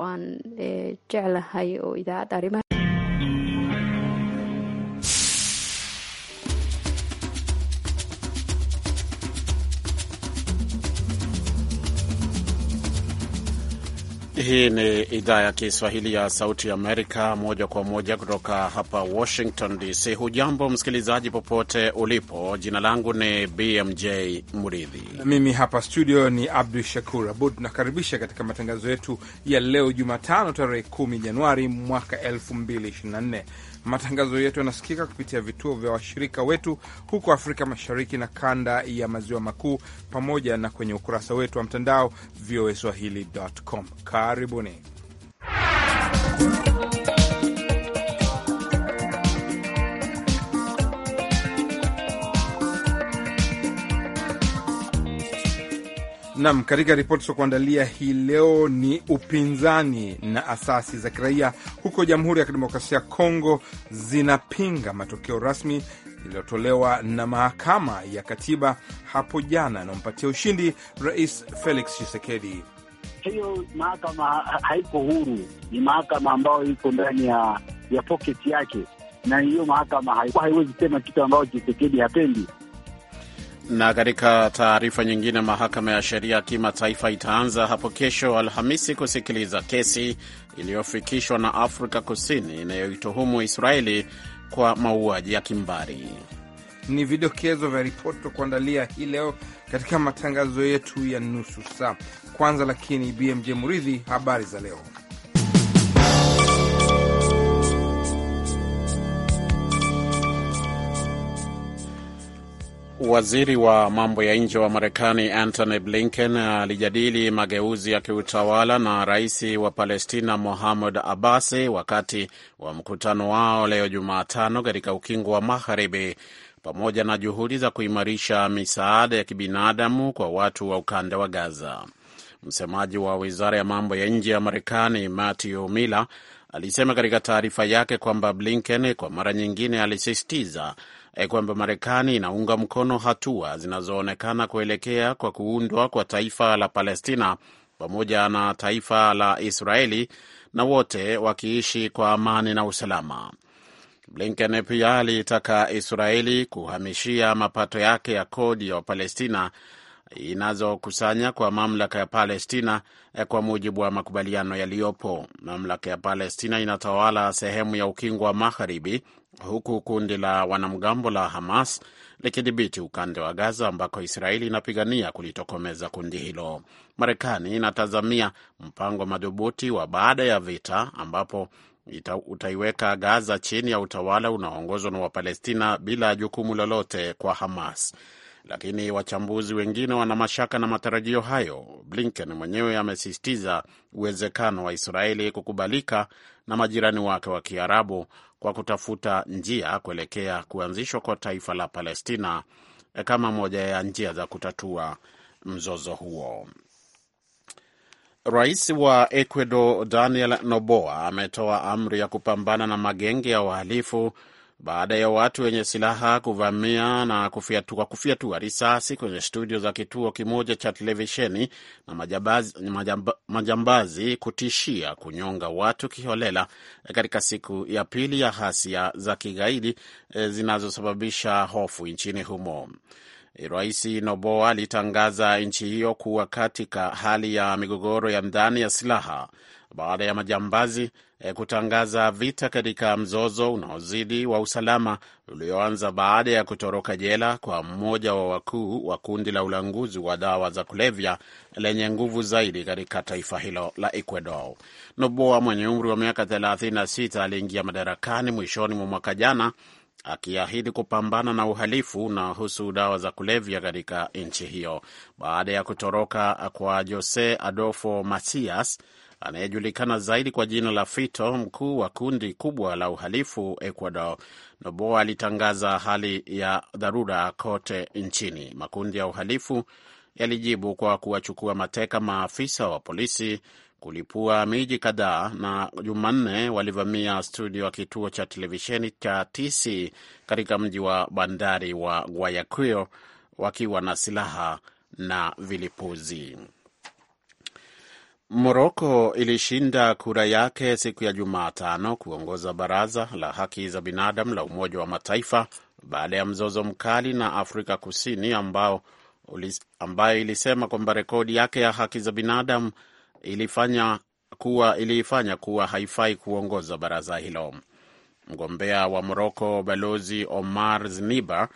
aan eh, jeclahay oo idaacadda arrimaha Hii ni idhaa ya Kiswahili ya Sauti ya Amerika, moja kwa moja kutoka hapa Washington DC. Hujambo msikilizaji, popote ulipo. Jina langu ni BMJ Muridhi, mimi hapa studio ni Abdu Shakur Abud. nakaribisha katika matangazo yetu ya leo Jumatano, tarehe 10 Januari mwaka 2024 Matangazo yetu yanasikika kupitia vituo vya washirika wetu huko Afrika Mashariki na kanda ya maziwa makuu, pamoja na kwenye ukurasa wetu wa mtandao voaswahili.com. Karibuni. Nam, katika ripoti za kuandalia hii leo ni upinzani na asasi za kiraia huko Jamhuri ya Kidemokrasia ya Kongo zinapinga matokeo rasmi iliyotolewa na mahakama ya katiba hapo jana anampatia ushindi Rais Felix Tshisekedi. Hiyo mahakama haiko huru, ni mahakama ambayo iko ndani ya ya poketi yake, na hiyo mahakama haiwezi sema kitu ambayo Tshisekedi hapendi. Na katika taarifa nyingine, mahakama ya sheria ya kimataifa itaanza hapo kesho Alhamisi kusikiliza kesi iliyofikishwa na Afrika Kusini inayoituhumu Israeli kwa mauaji ya kimbari. Ni vidokezo vya ripoti kuandalia hii leo katika matangazo yetu ya nusu saa. Kwanza lakini, BMJ Muridhi, habari za leo. Waziri wa mambo ya nje wa Marekani Antony Blinken alijadili mageuzi ya kiutawala na rais wa Palestina Mohammed abbasi wakati wa mkutano wao leo Jumatano katika ukingo wa Magharibi, pamoja na juhudi za kuimarisha misaada ya kibinadamu kwa watu wa ukanda wa Gaza. Msemaji wa wizara ya mambo ya nje ya Marekani Matthew Miller alisema katika taarifa yake kwamba Blinken kwa mara nyingine alisisitiza eh, kwamba Marekani inaunga mkono hatua zinazoonekana kuelekea kwa kuundwa kwa taifa la Palestina pamoja na taifa la Israeli na wote wakiishi kwa amani na usalama. Blinken pia aliitaka Israeli kuhamishia mapato yake ya kodi ya Wapalestina inazokusanya kwa mamlaka ya Palestina eh, kwa mujibu wa makubaliano yaliyopo. Mamlaka ya Palestina inatawala sehemu ya ukingo wa magharibi huku kundi la wanamgambo la Hamas likidhibiti ukande wa Gaza ambako Israeli inapigania kulitokomeza kundi hilo. Marekani inatazamia mpango madhubuti wa baada ya vita ambapo ita, utaiweka Gaza chini ya utawala unaoongozwa na Wapalestina bila jukumu lolote kwa Hamas. Lakini wachambuzi wengine wana mashaka na matarajio hayo. Blinken mwenyewe amesisitiza uwezekano wa Israeli kukubalika na majirani wake wa Kiarabu kwa kutafuta njia kuelekea kuanzishwa kwa taifa la Palestina eh, kama moja ya njia za kutatua mzozo huo. Rais wa Ecuador Daniel Noboa ametoa amri ya kupambana na magenge ya wahalifu baada ya watu wenye silaha kuvamia na kufyatua kufyatua risasi kwenye studio za kituo kimoja cha televisheni na majambazi, majamba, majambazi kutishia kunyonga watu kiholela katika siku ya pili ya ghasia za kigaidi eh, zinazosababisha hofu nchini humo. Eh, Rais Noboa alitangaza nchi hiyo kuwa katika hali ya migogoro ya ndani ya silaha baada ya majambazi Eh, kutangaza vita katika mzozo unaozidi wa usalama ulioanza baada ya kutoroka jela kwa mmoja wa wakuu wa kundi la ulanguzi wa dawa za kulevya lenye nguvu zaidi katika taifa hilo la Ecuador. Noboa mwenye umri wa miaka 36 aliingia madarakani mwishoni mwa mwaka jana akiahidi kupambana na uhalifu unaohusu dawa za kulevya katika nchi hiyo baada ya kutoroka kwa Jose Adolfo Masias anayejulikana zaidi kwa jina la Fito, mkuu wa kundi kubwa la uhalifu Ecuador, Noboa alitangaza hali ya dharura kote nchini. Makundi ya uhalifu yalijibu kwa kuwachukua mateka maafisa wa polisi, kulipua miji kadhaa, na Jumanne walivamia studio ya kituo cha televisheni cha TC katika mji wa bandari wa Guayaquil wakiwa na silaha na vilipuzi. Moroko ilishinda kura yake siku ya Jumatano kuongoza baraza la haki za binadamu la Umoja wa Mataifa baada ya mzozo mkali na Afrika Kusini ambao ambayo ilisema kwamba rekodi yake ya haki za binadamu ilifanya kuwa, iliifanya kuwa haifai kuongoza baraza hilo. Mgombea wa Moroko Balozi Omar Zniba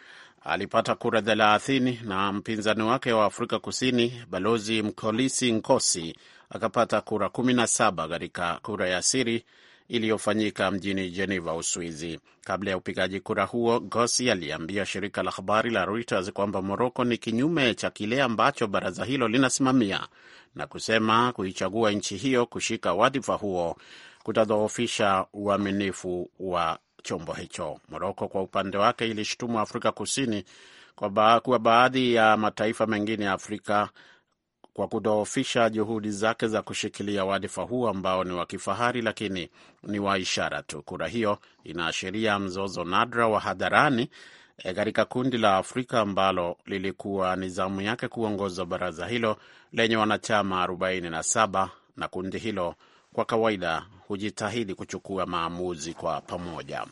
alipata kura thelathini na mpinzani wake wa Afrika Kusini Balozi Mkolisi Nkosi akapata kura 17 katika kura ya siri iliyofanyika mjini Geneva, Uswizi. Kabla ya upigaji kura huo, Gosi aliambia shirika la habari la Reuters kwamba Moroko ni kinyume cha kile ambacho baraza hilo linasimamia na kusema kuichagua nchi hiyo kushika wadhifa huo kutadhoofisha uaminifu wa chombo hicho. Moroko kwa upande wake ilishutumu Afrika Kusini kwa, ba kuwa baadhi ya mataifa mengine ya Afrika kwa kudhoofisha juhudi zake za kushikilia wadhifa huu ambao ni wa kifahari lakini ni wa ishara tu. Kura hiyo inaashiria mzozo nadra wa hadharani eh, katika kundi la Afrika ambalo lilikuwa ni zamu yake kuongoza baraza hilo lenye wanachama 47 na kundi hilo kwa kawaida hujitahidi kuchukua maamuzi kwa pamoja.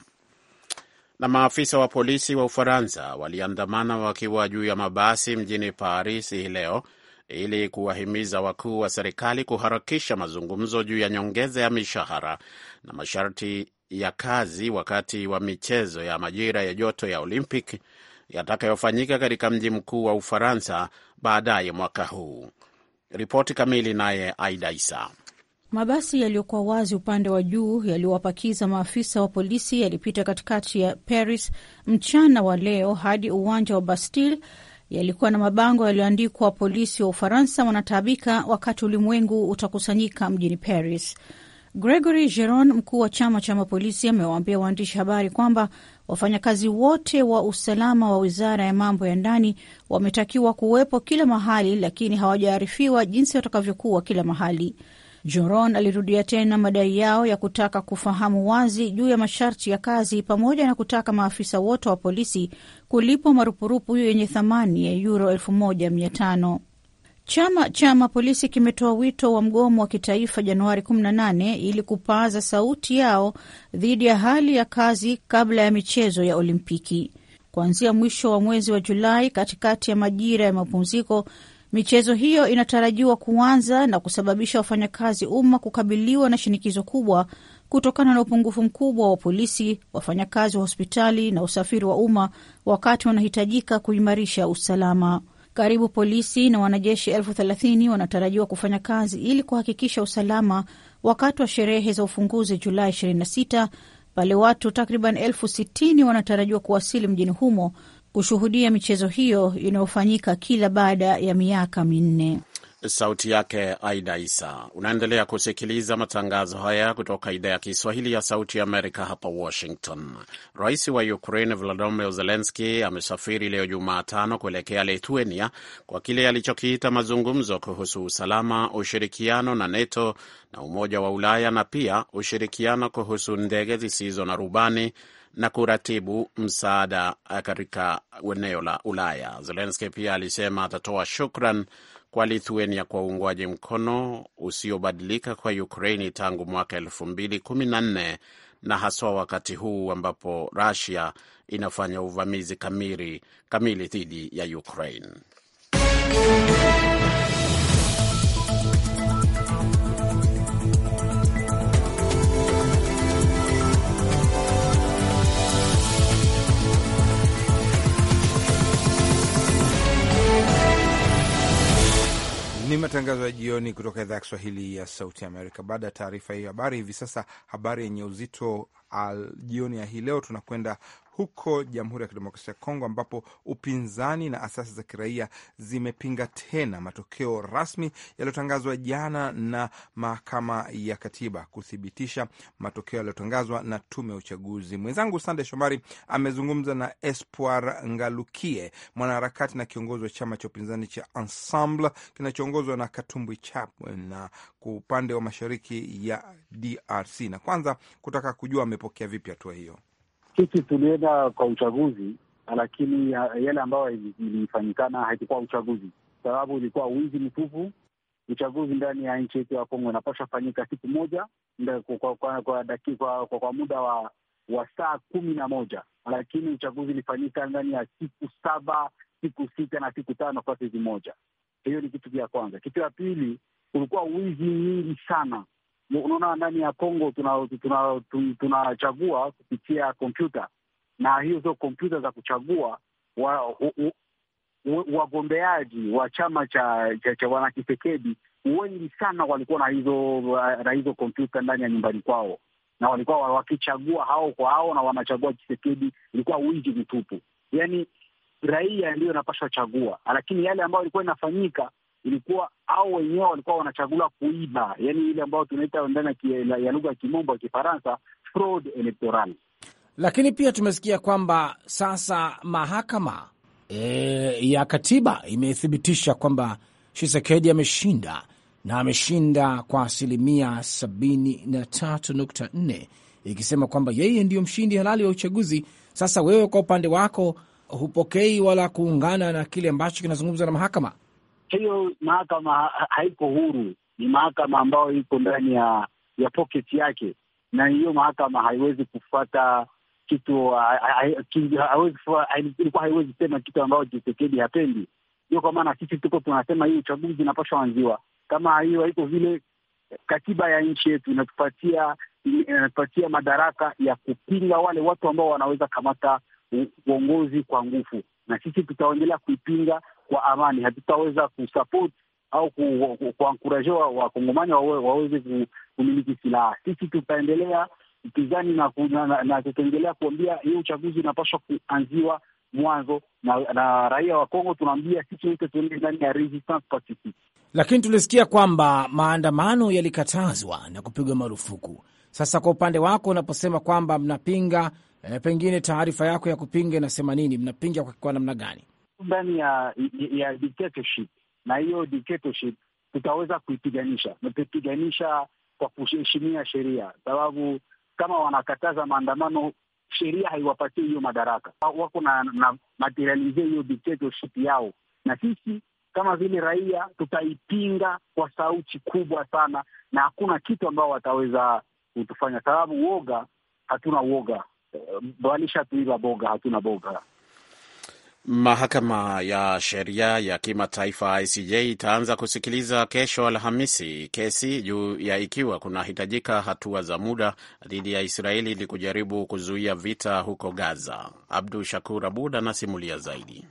Na maafisa wa polisi wa Ufaransa waliandamana wakiwa juu ya mabasi mjini Paris hii leo ili kuwahimiza wakuu wa serikali kuharakisha mazungumzo juu ya nyongeza ya mishahara na masharti ya kazi wakati wa michezo ya majira ya joto ya Olympic yatakayofanyika katika mji mkuu wa Ufaransa baadaye mwaka huu. Ripoti kamili naye Aida Isa. Mabasi yaliyokuwa wazi upande wa juu yaliyowapakiza maafisa wa polisi yalipita katikati ya Paris mchana wa leo hadi uwanja wa Bastille yalikuwa na mabango yaliyoandikwa, polisi wa Ufaransa wanataabika wakati ulimwengu utakusanyika mjini Paris. Gregory Jeron, mkuu wa chama cha mapolisi, amewaambia waandishi habari kwamba wafanyakazi wote wa usalama wa wizara ya mambo ya ndani wametakiwa kuwepo kila mahali, lakini hawajaarifiwa jinsi watakavyokuwa kila mahali. Joron alirudia tena madai yao ya kutaka kufahamu wazi juu ya masharti ya kazi pamoja na kutaka maafisa wote wa polisi kulipwa marupurupu hiyo yenye thamani ya yuro 1500. Chama cha mapolisi kimetoa wito wa mgomo wa kitaifa Januari 18 ili kupaaza sauti yao dhidi ya hali ya kazi kabla ya michezo ya Olimpiki. Kuanzia mwisho wa mwezi wa Julai, katikati ya majira ya mapumziko, Michezo hiyo inatarajiwa kuanza na kusababisha wafanyakazi umma kukabiliwa na shinikizo kubwa kutokana na upungufu mkubwa wa polisi, wafanyakazi wa hospitali na usafiri wa umma, wakati wanahitajika kuimarisha usalama. Karibu polisi na wanajeshi elfu thelathini wanatarajiwa kufanya kazi ili kuhakikisha usalama wakati wa sherehe za ufunguzi Julai 26 pale watu takriban elfu sitini wanatarajiwa kuwasili mjini humo kushuhudia michezo hiyo inayofanyika kila baada ya miaka minne. Sauti yake Aida Isa. Unaendelea kusikiliza matangazo haya kutoka idhaa ya Kiswahili ya Sauti ya Amerika, hapa Washington. Rais wa Ukraine Volodymyr Zelenski amesafiri leo Jumatano kuelekea Lithuania kwa kile alichokiita mazungumzo kuhusu usalama, ushirikiano na NATO na Umoja wa Ulaya, na pia ushirikiano kuhusu ndege zisizo na rubani na kuratibu msaada eh, katika eneo la Ulaya. Zelenski pia alisema atatoa shukran kwa Lithuania kwa uungwaji mkono usiobadilika kwa Ukraini tangu mwaka elfu mbili kumi na nne na haswa wakati huu ambapo Rusia inafanya uvamizi kamili kamili dhidi ya Ukraine. Ni matangazo ya jioni kutoka idhaa ya Kiswahili ya Sauti Amerika. Baada ya taarifa hiyo habari, hivi sasa habari yenye uzito ah, jioni ya hii leo, tunakwenda huko Jamhuri ya Kidemokrasia ya Kongo, ambapo upinzani na asasi za kiraia zimepinga tena matokeo rasmi yaliyotangazwa jana na mahakama ya katiba kuthibitisha matokeo yaliyotangazwa na tume ya uchaguzi. Mwenzangu Sande Shomari amezungumza na Espoir Ngalukie, mwanaharakati na kiongozi wa chama cha upinzani cha Ensemble kinachoongozwa na Katumbwi Chapwe na kwa upande wa mashariki ya DRC, na kwanza kutaka kujua amepokea vipi hatua hiyo sisi tulienda kwa uchaguzi, lakini yale ambayo ilifanyikana haikuwa uchaguzi, sababu ilikuwa wizi mtupu. Uchaguzi ndani ya nchi yetu ya Kongo inapasha fanyika siku moja kwa, kwa, kwa, kwa, kwa, kwa, muda wa, wa saa kumi na moja, lakini uchaguzi ilifanyika ndani ya siku saba, siku sita na siku tano sezi moja Hiyo ni kitu cha kwanza. Kitu ya pili, kulikuwa wizi nyingi sana unaona, ndani ya Kongo tunachagua tuna, tuna, tuna kupitia kompyuta na hiyo hizo kompyuta za kuchagua wagombeaji wa, wagombeaji wa chama cha, cha, cha wanakisekedi wengi sana walikuwa na hizo na hizo kompyuta ndani ya nyumbani kwao, na walikuwa wakichagua hao kwa hao na wanachagua kisekedi ilikuwa wingi mtupu. Yani raia ndiyo inapashwa chagua, lakini yale ambayo ilikuwa inafanyika ilikuwa au wenyewe walikuwa wanachagula kuiba, yani ile ambayo tunaita ndani ya lugha ya kimombo ya Kifaransa fraud electoral. Lakini pia tumesikia kwamba sasa mahakama e, ya katiba imethibitisha kwamba Shisekedi ameshinda na ameshinda kwa asilimia sabini na tatu nukta nne ikisema kwamba yeye ndiyo mshindi halali wa uchaguzi. Sasa wewe kwa upande wako hupokei wala kuungana na kile ambacho kinazungumzwa na mahakama hiyo mahakama haiko huru, ni mahakama ambayo iko ndani ya ya pocket yake, na hiyo mahakama haiwezi kufuata kitu ilikuwa haiwezi sema kitu ambayo Tshisekedi hapendi. Ndio kwa maana sisi tuko tunasema hii uchaguzi inapasha wanziwa. Kama hiyo haiko vile, katiba ya nchi yetu inatupatia inatupatia madaraka ya kupinga wale watu ambao wanaweza kamata uongozi kwa nguvu, na sisi tutaendelea kuipinga kwa amani, hatutaweza kusupport au kuankurajewa ku, ku, ku wakongomani waweze kumiliki silaha. Sisi tutaendelea upinzani na, na, na tutaendelea kuambia hiyo uchaguzi unapaswa kuanziwa mwanzo na, na raia wa Kongo tunaambia sisi wote tuende ndani ya resistance pacifique. Lakini tulisikia kwamba maandamano yalikatazwa na kupigwa marufuku. Sasa kwa upande wako unaposema kwamba mnapinga eh, pengine taarifa yako ya kupinga inasema nini? Mnapinga kwa namna gani? ndani ya, ya dictatorship, na hiyo dictatorship tutaweza kuipiganisha na tutaipiganisha kwa kuheshimia sheria, sababu kama wanakataza maandamano, sheria haiwapatie hiyo madaraka, wako na, na materialize hiyo dictatorship yao, na sisi kama vile raia tutaipinga kwa sauti kubwa sana, na hakuna kitu ambao wataweza kutufanya, sababu woga, hatuna woga, balisha tuiva boga, hatuna boga. Mahakama ya sheria ya kimataifa ICJ itaanza kusikiliza kesho Alhamisi kesi juu ya ikiwa kunahitajika hatua za muda dhidi ya Israeli ili kujaribu kuzuia vita huko Gaza. Abdu Shakur Abud anasimulia zaidi.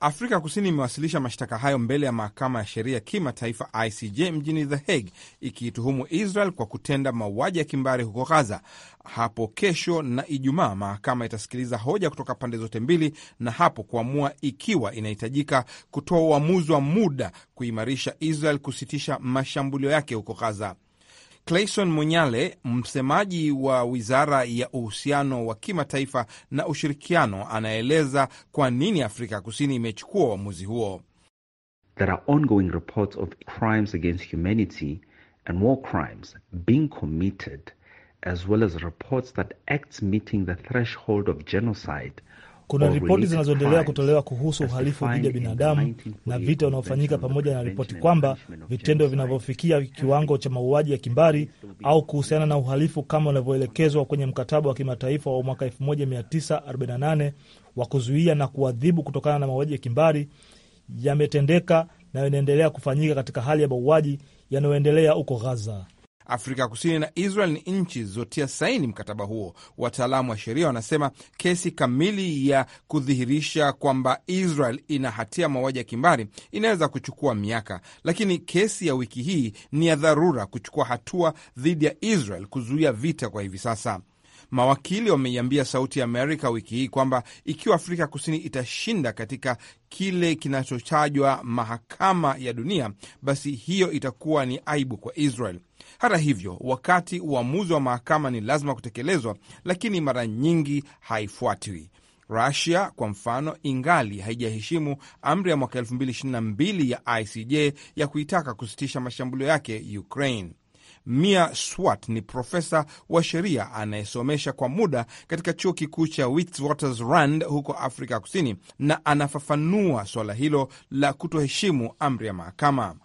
Afrika Kusini imewasilisha mashtaka hayo mbele ya mahakama ya sheria kimataifa ICJ mjini The Hague ikiituhumu Israel kwa kutenda mauaji ya kimbari huko Gaza. Hapo kesho na Ijumaa mahakama itasikiliza hoja kutoka pande zote mbili na hapo kuamua ikiwa inahitajika kutoa uamuzi wa muda kuimarisha Israel kusitisha mashambulio yake huko Gaza. Clayson Munyale, msemaji wa wizara ya uhusiano wa kimataifa na ushirikiano, anaeleza kwa nini Afrika Kusini imechukua uamuzi huo. There are ongoing reports of crimes against humanity and war crimes being committed as well as reports that acts meeting the threshold of genocide kuna ripoti zinazoendelea kutolewa kuhusu uhalifu dhidi ya binadamu na vita unaofanyika, pamoja na ripoti kwamba vitendo vinavyofikia kiwango cha mauaji ya kimbari au kuhusiana na uhalifu kama unavyoelekezwa kwenye mkataba wa kimataifa wa mwaka 1948 wa kuzuia na kuadhibu kutokana na mauaji ya kimbari yametendeka na yanaendelea kufanyika katika hali ya mauaji yanayoendelea huko ghaza Afrika Kusini na Israel ni nchi zilizotia saini mkataba huo. Wataalamu wa sheria wanasema kesi kamili ya kudhihirisha kwamba Israel ina hatia mauaji ya kimbari inaweza kuchukua miaka, lakini kesi ya wiki hii ni ya dharura kuchukua hatua dhidi ya Israel kuzuia vita kwa hivi sasa. Mawakili wameiambia Sauti ya Amerika wiki hii kwamba ikiwa Afrika Kusini itashinda katika kile kinachotajwa mahakama ya dunia, basi hiyo itakuwa ni aibu kwa Israel. Hata hivyo, wakati uamuzi wa mahakama ni lazima kutekelezwa, lakini mara nyingi haifuatwi. Rusia kwa mfano, ingali haijaheshimu amri ya mwaka 2022 ya ICJ ya kuitaka kusitisha mashambulio yake Ukraine. Mia Swat ni profesa wa sheria anayesomesha kwa muda katika chuo kikuu cha Witwatersrand huko Afrika Kusini, na anafafanua suala hilo la kutoheshimu amri ya mahakama.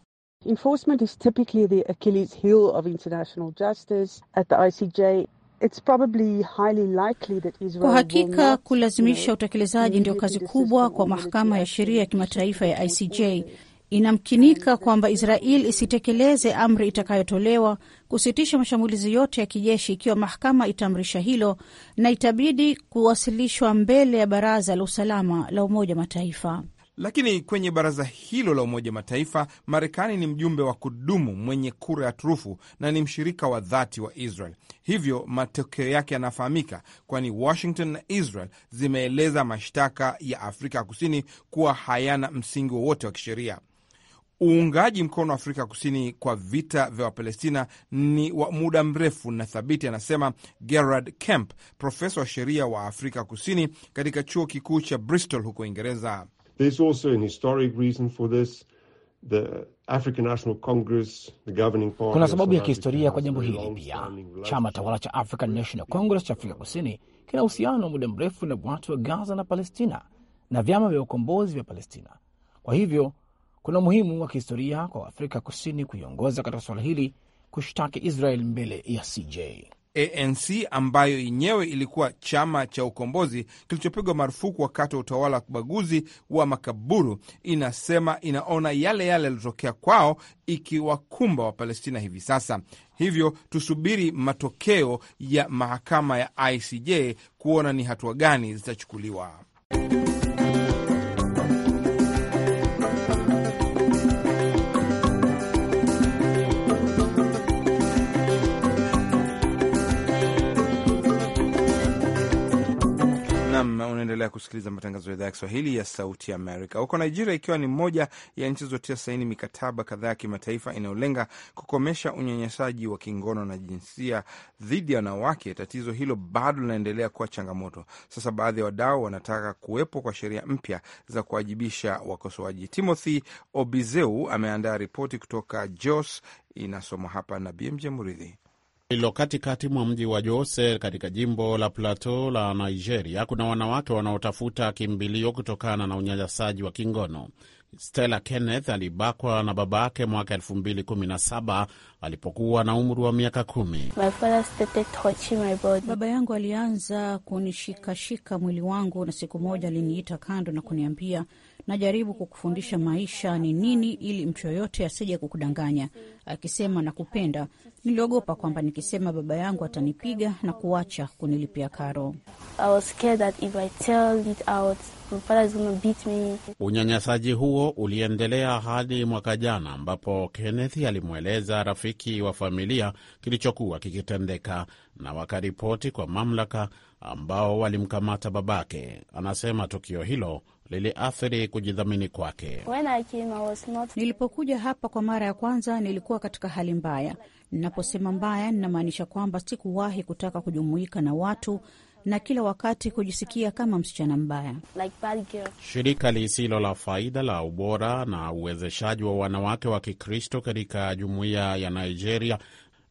Enforcement is typically the Achilles heel of international justice. At the ICJ, It's probably highly likely that Israel kwa hakika kulazimisha utekelezaji ndio kazi kubwa kwa mahakama ya sheria ya kimataifa ya ICJ. Inamkinika uh, kwamba Israel isitekeleze amri itakayotolewa kusitisha mashambulizi yote ya kijeshi ikiwa mahakama itaamrisha hilo, na itabidi kuwasilishwa mbele ya Baraza la Usalama la Umoja wa Mataifa. Lakini kwenye baraza hilo la Umoja Mataifa, Marekani ni mjumbe wa kudumu mwenye kura ya turufu na ni mshirika wa dhati wa Israel. Hivyo matokeo yake yanafahamika, kwani Washington na Israel zimeeleza mashtaka ya Afrika Kusini kuwa hayana msingi wowote wa kisheria. Uungaji mkono wa Afrika Kusini kwa vita vya Wapalestina ni wa muda mrefu na thabiti, anasema Gerard Kemp, profesa wa sheria wa Afrika Kusini katika chuo kikuu cha Bristol huko Uingereza. There's also an historic reason for this. The African National Congress, the governing party. Kuna sababu ya kihistoria kwa jambo hili pia. Chama tawala cha African National Congress cha Afrika Kusini kina uhusiano wa muda mrefu na watu wa Gaza na Palestina na vyama vya ukombozi vya Palestina. Kwa hivyo kuna umuhimu wa kihistoria kwa Afrika Kusini kuiongoza katika suala hili, kushtaki Israel mbele ya CJ. ANC ambayo yenyewe ilikuwa chama cha ukombozi kilichopigwa marufuku wakati wa utawala wa kibaguzi wa makaburu, inasema inaona yale yale yalitokea kwao ikiwakumba Wapalestina hivi sasa. Hivyo tusubiri matokeo ya mahakama ya ICJ kuona ni hatua gani zitachukuliwa. Unaendelea kusikiliza matangazo ya idhaa ya Kiswahili ya Sauti Amerika. Huko Nigeria, ikiwa ni moja ya nchi zotia saini mikataba kadhaa ya kimataifa inayolenga kukomesha unyanyasaji wa kingono na jinsia dhidi ya wanawake, tatizo hilo bado linaendelea kuwa changamoto. Sasa baadhi ya wadau wanataka kuwepo kwa sheria mpya za kuwajibisha wakosoaji. Timothy Obizeu ameandaa ripoti kutoka Jos, inasomwa hapa na BMJ Muridhi lililo katikati mwa mji wa Jose katika jimbo la Plateau la Nigeria, kuna wanawake wanaotafuta kimbilio kutokana na unyanyasaji wa kingono. Stella Kenneth alibakwa na baba ake mwaka 2017 alipokuwa na umri wa miaka kumi. Baba yangu alianza kunishikashika mwili wangu, na siku moja aliniita kando na kuniambia najaribu kukufundisha maisha ni nini, ili mtu yoyote asije kukudanganya akisema nakupenda. Niliogopa kwamba nikisema baba yangu atanipiga na kuacha kunilipia karo. Unyanyasaji huo uliendelea hadi mwaka jana, ambapo Kenneth alimweleza rafiki wa familia kilichokuwa kikitendeka na wakaripoti kwa mamlaka, ambao walimkamata babake. Anasema tukio hilo liliathiri kujidhamini kwake. Not... nilipokuja hapa kwa mara ya kwanza nilikuwa katika hali mbaya. Ninaposema mbaya, ninamaanisha kwamba sikuwahi kutaka kujumuika na watu na kila wakati kujisikia kama msichana mbaya. Like shirika lisilo la faida la ubora na uwezeshaji wa wanawake wa Kikristo katika jumuiya ya Nigeria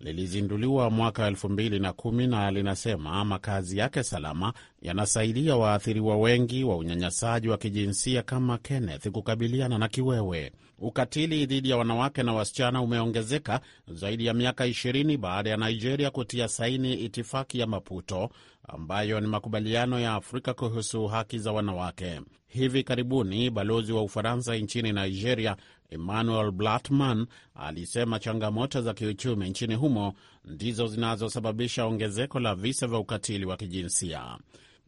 lilizinduliwa mwaka elfu na na linasema makazi yake salama yanasaidia waathiriwa wengi wa unyanyasaji wa kijinsia kama Kenneth kukabiliana na kiwewe. Ukatili dhidi ya wanawake na wasichana umeongezeka zaidi ya miaka 20 baada ya Nigeria kutia saini itifaki ya Maputo ambayo ni makubaliano ya Afrika kuhusu haki za wanawake. Hivi karibuni balozi wa Ufaransa nchini Nigeria Emmanuel Blatman alisema changamoto za kiuchumi nchini humo ndizo zinazosababisha ongezeko la visa vya ukatili wa kijinsia.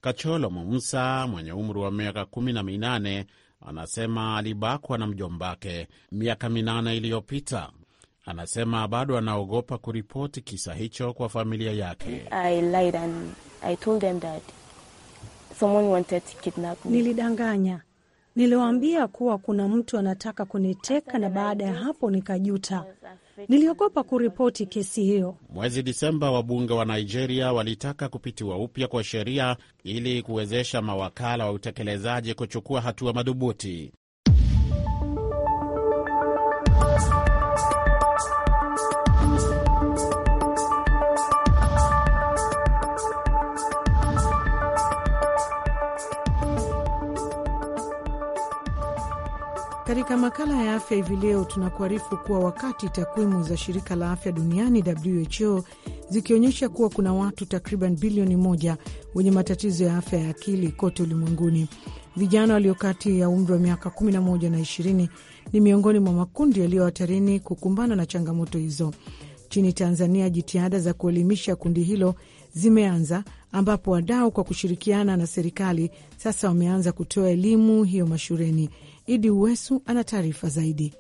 Kacholo Mumsa mwenye umri wa miaka kumi na minane anasema alibakwa na mjombake miaka minane iliyopita. Anasema bado anaogopa kuripoti kisa hicho kwa familia yake. Nilidanganya Niliwaambia kuwa kuna mtu anataka kuniteka na baada ya hapo nikajuta. Niliogopa kuripoti kesi hiyo. Mwezi Disemba, wabunge wa Nigeria walitaka kupitiwa upya kwa sheria ili kuwezesha mawakala wa utekelezaji kuchukua hatua madhubuti. makala ya afya hivi leo tunakuarifu kuwa wakati takwimu za shirika la afya duniani WHO zikionyesha kuwa kuna watu takriban bilioni moja wenye matatizo ya afya ya akili kote ulimwenguni, vijana walio kati ya umri wa miaka 11 na 20 ni miongoni mwa makundi yaliyo hatarini kukumbana na changamoto hizo. Nchini Tanzania, jitihada za kuelimisha kundi hilo zimeanza ambapo wadau kwa kushirikiana na serikali sasa wameanza kutoa elimu hiyo mashuleni. Idi Uwesu ana taarifa zaidi.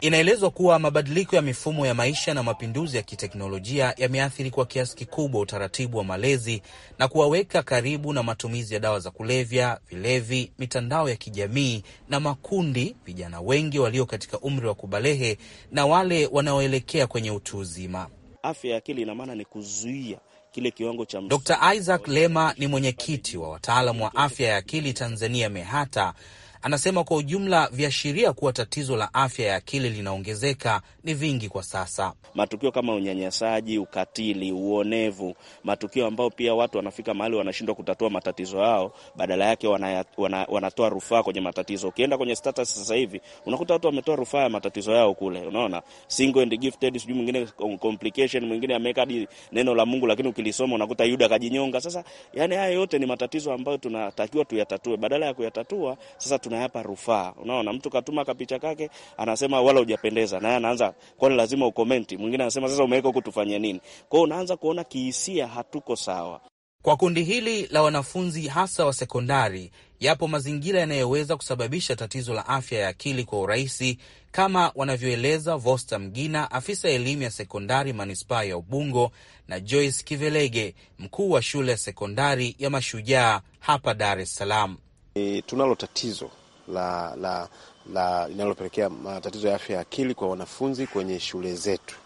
Inaelezwa kuwa mabadiliko ya mifumo ya maisha na mapinduzi ya kiteknolojia yameathiri kwa kiasi kikubwa utaratibu wa malezi na kuwaweka karibu na matumizi ya dawa za kulevya, vilevi, mitandao ya kijamii na makundi, vijana wengi walio katika umri wa kubalehe na wale wanaoelekea kwenye utu uzima. Afya ya akili ina maana ni kuzuia kile kiwango cha Dr. Isaac Lema ni mwenyekiti wa wataalamu wa afya ya akili Tanzania, MEHATA. Anasema kwa ujumla viashiria kuwa tatizo la afya ya akili linaongezeka ni vingi kwa sasa. Matukio kama unyanyasaji, ukatili, uonevu, matukio ambayo pia watu wanafika mahali wanashindwa kutatua matatizo yao, badala yake wanaya, wana, wanatoa rufaa kwenye matatizo. Ukienda kwenye status sasa hivi unakuta watu wametoa rufaa ya matatizo yao kule, unaona single and gifted, sijui mwingine complication, mwingine ameweka hadi neno la Mungu, lakini ukilisoma unakuta Yuda kajinyonga. Sasa yani haya yote ni matatizo ambayo tunatakiwa tuyatatue, badala ya kuyatatua sasa tunayapa rufaa. Unaona, mtu katuma kapicha kake anasema wala hujapendeza, naye anaanza kwani lazima ukomenti. Mwingine anasema sasa umeweka tufanye nini? Kwao unaanza kuona kihisia hatuko sawa. Kwa kundi hili la wanafunzi hasa wa sekondari, yapo mazingira yanayoweza kusababisha tatizo la afya ya akili kwa urahisi, kama wanavyoeleza Vosta Mgina, afisa elimu ya sekondari manispaa ya Ubungo, na Joyce Kivelege, mkuu wa shule ya sekondari ya Mashujaa hapa Dar es Salaam. E, tunalo tatizo la la la linalopelekea matatizo ya afya ya akili kwa wanafunzi kwenye shule zetu.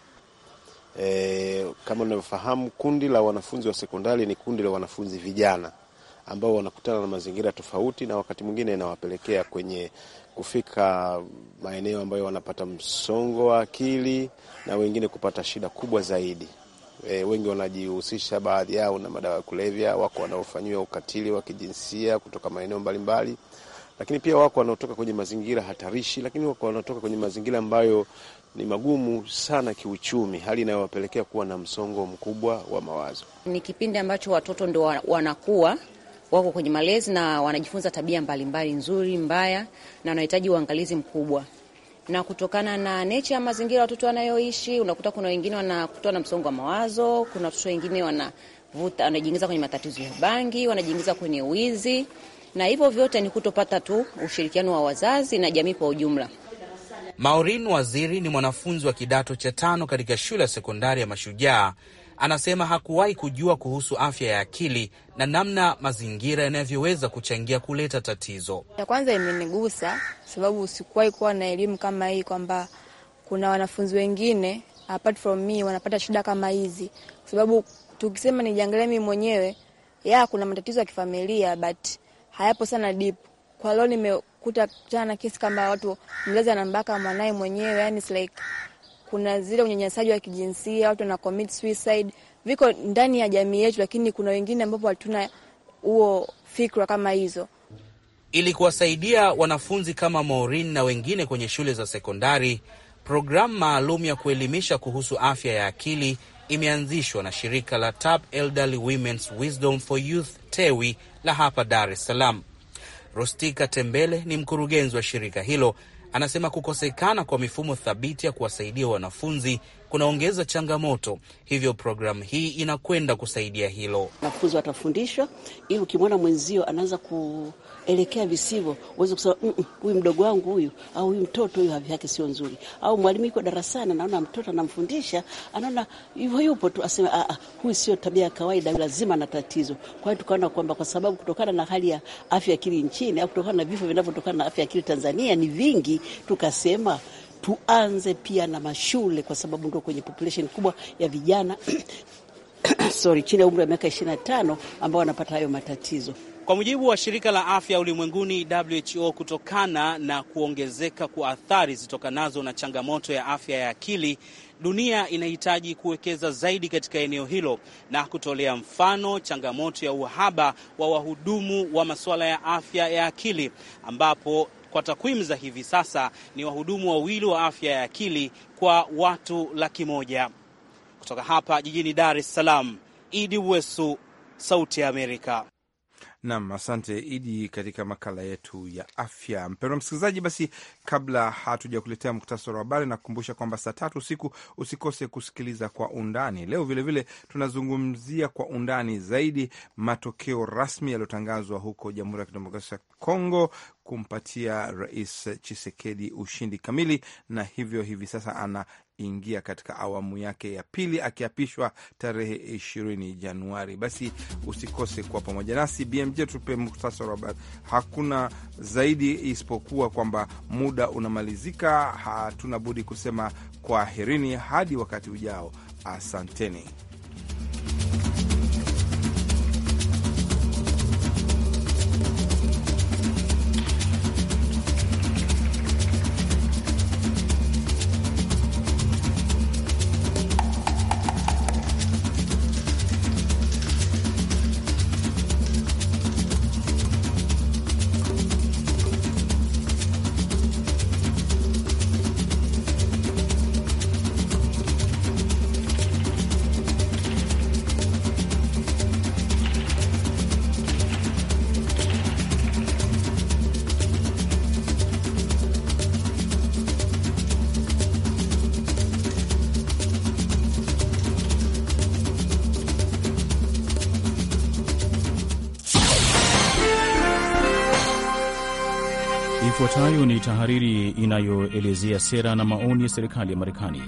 E, kama unavyofahamu kundi la wanafunzi wa sekondari ni kundi la wanafunzi vijana ambao wanakutana na mazingira tofauti, na wakati mwingine inawapelekea kwenye kufika maeneo ambayo wanapata msongo wa akili na wengine kupata shida kubwa zaidi. E, wengi wanajihusisha baadhi yao na madawa ya kulevya, wako wanaofanyiwa ukatili wa kijinsia kutoka maeneo mbalimbali mbali lakini pia wako wanaotoka kwenye mazingira hatarishi, lakini wako wanaotoka kwenye mazingira ambayo ni magumu sana kiuchumi, hali inayowapelekea kuwa na msongo mkubwa wa mawazo. Ni kipindi ambacho watoto ndo wanakuwa wako kwenye malezi na wanajifunza tabia mbalimbali mbali, nzuri, mbaya, na wanahitaji uangalizi mkubwa na kutokana na nature ya mazingira watoto wanayoishi, unakuta kuna wengine wanakutwa na msongo wa mawazo, kuna watoto wengine wanajiingiza kwenye matatizo ya bangi, wanajiingiza kwenye wizi na hivyo vyote ni kutopata tu ushirikiano wa wazazi na jamii kwa ujumla. Maurin Waziri ni mwanafunzi wa kidato cha tano katika shule ya sekondari ya Mashujaa. Anasema hakuwahi kujua kuhusu afya ya akili na namna mazingira yanavyoweza kuchangia kuleta tatizo. Ya kwanza imenigusa sababu sikuwahi kuwa na elimu kama hii, kwamba kuna wanafunzi wengine apart from me wanapata shida kama hizi, kwa sababu tukisema nijiangalia mimi mwenyewe ya kuna matatizo ya kifamilia but hayapo sana deep. Kwa leo nimekuta kutana na kesi kama watu mzazi anambaka mwanae mwenyewe, yani it's like kuna zile unyanyasaji wa kijinsia, watu wana commit suicide, viko ndani ya jamii yetu, lakini kuna wengine ambapo hatuna huo fikra kama hizo. Ili kuwasaidia wanafunzi kama Maureen na wengine kwenye shule za sekondari, programu maalum ya kuelimisha kuhusu afya ya akili imeanzishwa na shirika la TAP Elderly Women's Wisdom for Youth TEWI la hapa Dar es Salaam. rostika Tembele ni mkurugenzi wa shirika hilo, anasema kukosekana kwa mifumo thabiti ya kuwasaidia wanafunzi kunaongeza changamoto, hivyo programu hii inakwenda kusaidia hilo. Wanafunzi watafundishwa ili ukimwona mwenzio anaweza ku elekea visivo uweze kusema mm -mm, huyu mdogo wangu huyu au huyu mtoto huyu havi yake sio nzuri, au mwalimu yuko darasani anaona mtoto anamfundisha anaona hivyo yupo tu, aseme ah, ah, huyu sio tabia ya kawaida, lazima na tatizo. Kwa hiyo tukaona kwamba kwa sababu kutokana na hali ya afya ya akili nchini au kutokana na vifo vinavyotokana na afya ya akili Tanzania ni vingi, tukasema tuanze pia na mashule kwa sababu ndio kwenye population kubwa ya vijana sorry, chini ya umri wa miaka 25 ambao wanapata hayo matatizo. Kwa mujibu wa shirika la afya ulimwenguni WHO, kutokana na kuongezeka kwa athari zitokanazo na changamoto ya afya ya akili, dunia inahitaji kuwekeza zaidi katika eneo hilo na kutolea mfano changamoto ya uhaba wa wahudumu wa masuala ya afya ya akili ambapo kwa takwimu za hivi sasa ni wahudumu wawili wa afya ya akili kwa watu laki moja. Kutoka hapa jijini Dar es Salaam, Idi Wesu, Sauti ya Amerika. Nam, asante Idi, katika makala yetu ya afya. Mpendwa msikilizaji, basi Kabla hatujakuletea muktasari wa habari, kukumbusha kwamba saa tatu usiku usikose kusikiliza kwa undani leo. Vilevile vile, tunazungumzia kwa undani zaidi matokeo rasmi yaliyotangazwa huko Jamhuri ya Kidemokrasia ya Kongo kumpatia Rais Chisekedi ushindi kamili, na hivyo hivi sasa anaingia katika awamu yake ya pili akiapishwa tarehe 20 Januari. Basi usikose kuwa pamoja nasi. BMJ, tupe muktasari wa habari. Hakuna zaidi isipokuwa kwamba muda muda unamalizika, hatuna budi kusema kwaherini hadi wakati ujao. Asanteni. Ifuatayo ni tahariri inayoelezea sera na maoni ya serikali ya Marekani.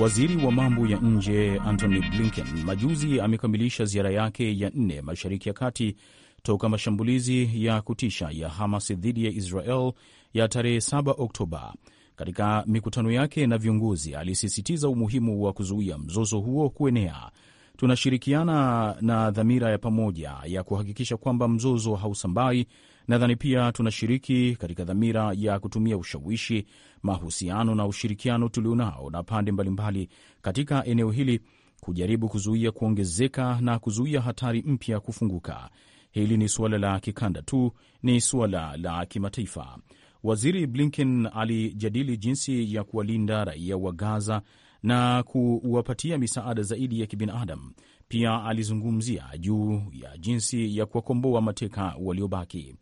Waziri wa mambo ya nje Antony Blinken majuzi amekamilisha ziara yake ya nne Mashariki ya Kati toka mashambulizi ya kutisha ya Hamas dhidi ya Israel ya tarehe 7 Oktoba. Katika mikutano yake na viongozi, alisisitiza umuhimu wa kuzuia mzozo huo kuenea. Tunashirikiana na dhamira ya pamoja ya kuhakikisha kwamba mzozo hausambai Nadhani pia tunashiriki katika dhamira ya kutumia ushawishi, mahusiano na ushirikiano tulionao na pande mbalimbali katika eneo hili kujaribu kuzuia kuongezeka na kuzuia hatari mpya kufunguka. Hili ni suala la kikanda tu, ni suala la kimataifa. Waziri Blinken alijadili jinsi ya kuwalinda raia wa Gaza na kuwapatia misaada zaidi ya kibinadamu pia alizungumzia juu ya jinsi ya kuwakomboa mateka waliobaki.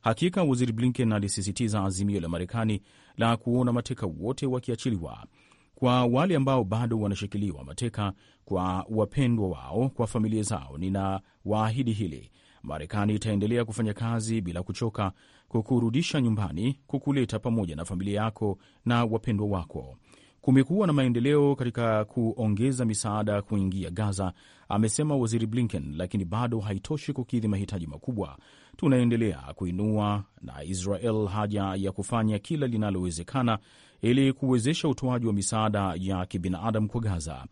Hakika Waziri Blinken alisisitiza azimio la Marekani la kuona mateka wote wakiachiliwa. Kwa wale ambao bado wanashikiliwa mateka, kwa wapendwa wao, kwa familia zao, waahidi hili: Marekani itaendelea kufanya kazi bila kuchoka kukurudisha nyumbani, kukuleta pamoja na familia yako na wapendwa wako. Kumekuwa na maendeleo katika kuongeza misaada kuingia Gaza, amesema Waziri Blinken, lakini bado haitoshi kukidhi mahitaji makubwa. Tunaendelea kuinua na Israel haja ya kufanya kila linalowezekana ili kuwezesha utoaji wa misaada ya kibinadamu kwa Gaza.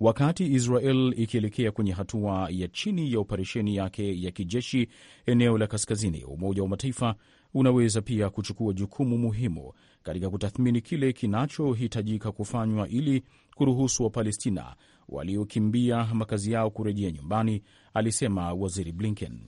Wakati Israel ikielekea kwenye hatua ya chini ya operesheni yake ya kijeshi eneo la kaskazini, Umoja wa Mataifa unaweza pia kuchukua jukumu muhimu katika kutathmini kile kinachohitajika kufanywa ili kuruhusu Wapalestina waliokimbia makazi yao kurejea nyumbani, alisema Waziri Blinken.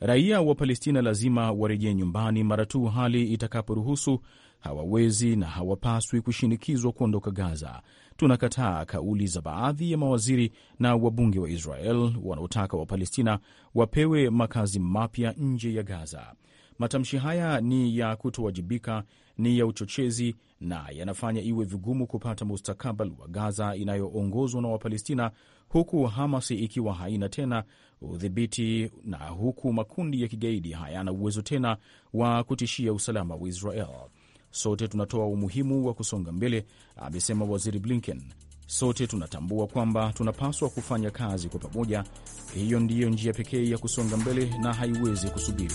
Raia wa Palestina lazima warejee nyumbani mara tu hali itakaporuhusu. Hawawezi na hawapaswi kushinikizwa kuondoka Gaza. Tunakataa kauli za baadhi ya mawaziri na wabunge wa Israel wanaotaka Wapalestina wapewe makazi mapya nje ya Gaza. Matamshi haya ni ya kutowajibika ni ya uchochezi na yanafanya iwe vigumu kupata mustakabali wa Gaza inayoongozwa na Wapalestina, huku hamas ikiwa haina tena udhibiti na huku makundi ya kigaidi hayana uwezo tena wa kutishia usalama wa Israel. Sote tunatoa umuhimu wa kusonga mbele, amesema Waziri Blinken. Sote tunatambua kwamba tunapaswa kufanya kazi kwa pamoja. Hiyo ndiyo njia pekee ya kusonga mbele na haiwezi kusubiri.